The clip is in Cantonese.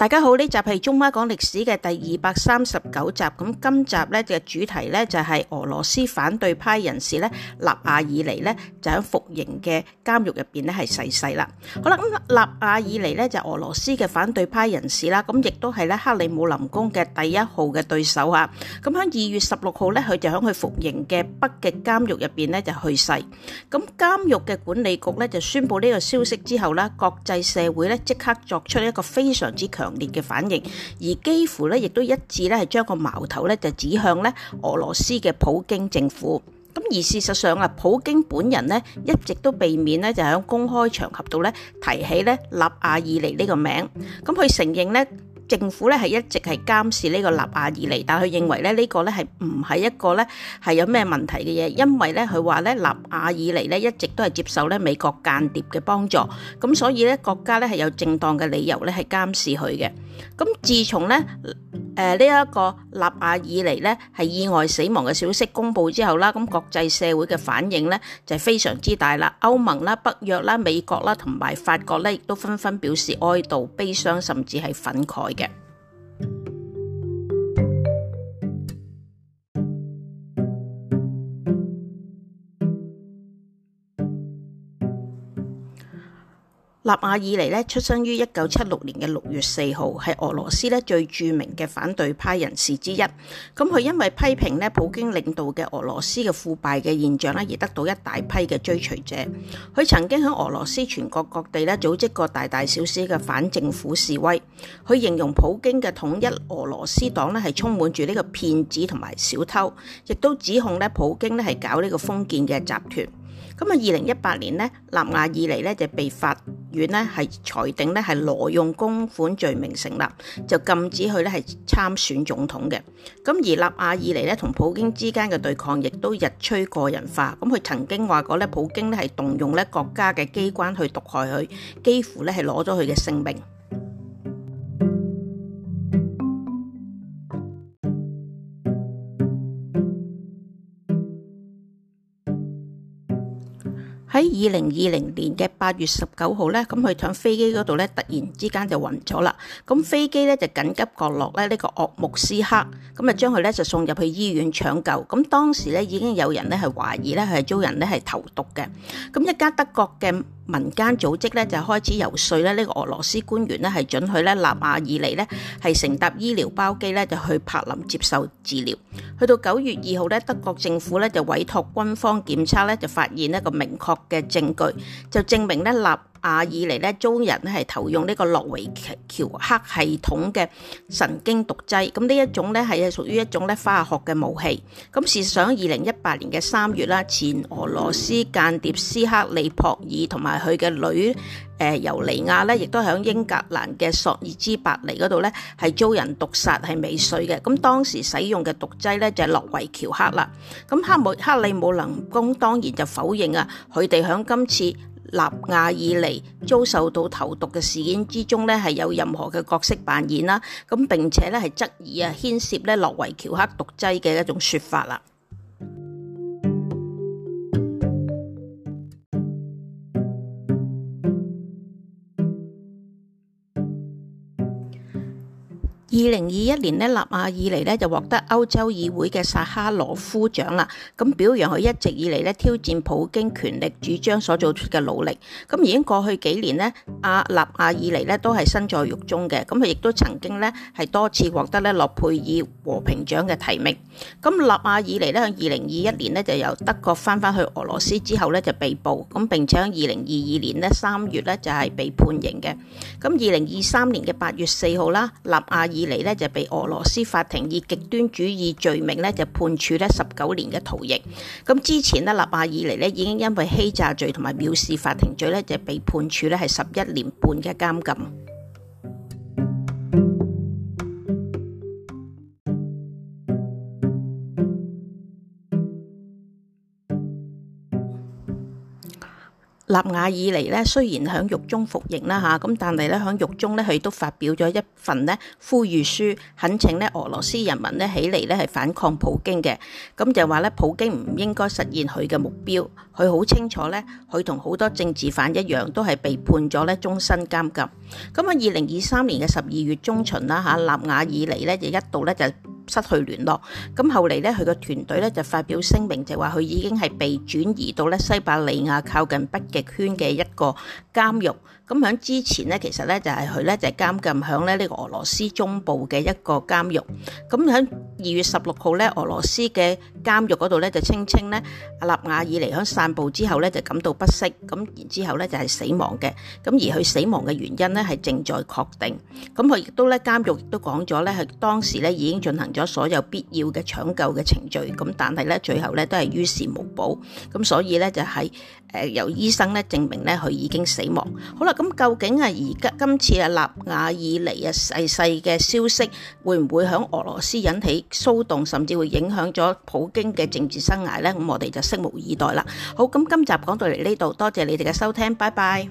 大家好，呢集係中馬講歷史嘅第二百三十九集。咁今集咧嘅主題咧就係俄羅斯反對派人士咧納瓦爾尼咧就喺服刑嘅監獄入邊咧係逝世啦。好啦，咁納瓦爾尼咧就俄羅斯嘅反對派人士啦，咁亦都係咧克里姆林宮嘅第一號嘅對手啊。咁喺二月十六號咧，佢就喺佢服刑嘅北極監獄入邊咧就去世。咁監獄嘅管理局咧就宣布呢個消息之後啦，國際社會咧即刻作出一個非常之強。強烈嘅反應，而幾乎咧亦都一致咧係將個矛頭咧就指向咧俄羅斯嘅普京政府。咁而事實上啊，普京本人咧一直都避免咧就喺公開場合度咧提起咧納瓦爾尼呢個名。咁佢承認咧。政府咧係一直係監視呢個納瓦爾尼，但係佢認為咧呢個咧係唔係一個咧係有咩問題嘅嘢，因為咧佢話咧納瓦爾尼咧一直都係接受咧美國間諜嘅幫助，咁所以咧國家咧係有正當嘅理由咧係監視佢嘅。咁自從咧。誒，呃這個、呢一個立亞以嚟咧，係意外死亡嘅消息公布之後啦，咁國際社會嘅反應呢就非常之大啦。歐盟啦、北約啦、美國啦同埋法國咧，亦都紛紛表示哀悼、悲傷，甚至係憤慨嘅。納瓦爾尼咧，出生於一九七六年嘅六月四號，係俄羅斯咧最著名嘅反對派人士之一。咁佢因為批評咧普京領導嘅俄羅斯嘅腐敗嘅現象咧，而得到一大批嘅追隨者。佢曾經響俄羅斯全國各地咧組織過大大小小嘅反政府示威。佢形容普京嘅統一俄羅斯黨咧係充滿住呢個騙子同埋小偷，亦都指控咧普京咧係搞呢個封建嘅集團。咁啊，二零一八年呢，納瓦爾尼呢，就被法院呢，係裁定呢，係挪用公款罪名成立，就禁止佢呢係參選總統嘅。咁而納瓦爾尼呢，同普京之間嘅對抗亦都日趨個人化。咁佢曾經話過呢，普京呢係動用呢國家嘅機關去毒害佢，幾乎呢係攞咗佢嘅性命。喺二零二零年嘅八月十九號咧，咁佢喺飛機嗰度咧，突然之間就暈咗啦。咁飛機咧就緊急降落咧，呢個鄂木斯克，咁啊將佢咧就送入去醫院搶救。咁當時咧已經有人咧係懷疑咧係遭人咧係投毒嘅。咁一家德國嘅民間組織咧就開始游說咧，呢個俄羅斯官員咧係准許咧納瓦爾尼咧係乘搭醫療包機咧就去柏林接受治療。去到九月二號咧，德國政府咧就委託軍方檢測咧，就發現一個明確嘅證據，就證明咧納。啊！爾尼咧，遭人咧係投用呢個諾維喬克系統嘅神經毒劑。咁呢一種咧係屬於一種咧化學嘅武器。咁事實上二零一八年嘅三月啦，前俄羅斯間諜斯克利珀爾同埋佢嘅女誒、呃、尤尼亞咧，亦都喺英格蘭嘅索爾茲伯尼嗰度咧係遭人毒殺，係未遂嘅。咁當時使用嘅毒劑咧就係、是、諾維喬克啦。咁克姆克里姆林宮當然就否認啊，佢哋喺今次。立亞以嚟遭受到投毒嘅事件之中呢，係有任何嘅角色扮演啦，咁並且呢，係質疑啊牽涉呢諾維喬克毒劑嘅一種說法啦。二零二一年呢，納瓦爾尼呢，就獲得歐洲議會嘅薩哈羅夫獎啦，咁表揚佢一直以嚟呢，挑戰普京權力主張所做出嘅努力。咁已經過去幾年呢，阿納瓦爾尼呢，都係身在獄中嘅，咁佢亦都曾經呢，係多次獲得呢諾貝爾和平獎嘅提名。咁納瓦爾尼呢，喺二零二一年呢，就由德國翻返去俄羅斯之後呢，就被捕，咁並且喺二零二二年呢，三月呢，就係被判刑嘅。咁二零二三年嘅八月四號啦，納瓦爾爾尼咧就被俄羅斯法庭以極端主義罪名咧就判處咧十九年嘅徒刑。咁之前咧納瓦爾尼咧已經因為欺詐罪同埋藐視法庭罪咧就被判處咧係十一年半嘅監禁。納瓦爾尼咧，雖然喺獄中服刑啦嚇，咁但係咧喺獄中咧，佢都發表咗一份咧呼籲書，懇請咧俄羅斯人民咧起嚟咧係反抗普京嘅。咁就話咧，普京唔應該實現佢嘅目標。佢好清楚咧，佢同好多政治犯一樣，都係被判咗咧終身監禁。咁啊，二零二三年嘅十二月中旬啦嚇，納瓦爾尼咧就一度咧就。失去聯絡，咁後嚟咧，佢個團隊咧就發表聲明，就話佢已經係被轉移到咧西伯利亞靠近北極圈嘅一個監獄。咁喺之前咧，其實咧就係佢咧就係監禁喺咧呢個俄羅斯中部嘅一個監獄。咁喺二月十六號咧，俄羅斯嘅監獄嗰度咧就稱稱咧，納瓦爾尼喺散步之後咧就感到不適，咁然之後咧就係、是、死亡嘅，咁而佢死亡嘅原因咧係正在確定，咁佢亦都咧監獄亦都講咗咧，佢當時咧已經進行咗所有必要嘅搶救嘅程序，咁但係咧最後咧都係於事無補，咁所以咧就係、是、誒由醫生咧證明咧佢已經死亡。好啦，咁究竟啊而家今次納瓦爾尼啊逝世嘅消息會唔會喺俄羅斯引起騷動，甚至會影響咗普京嘅政治生涯呢，咁我哋就拭目以待啦。好，咁今集講到嚟呢度，多謝你哋嘅收聽，拜拜。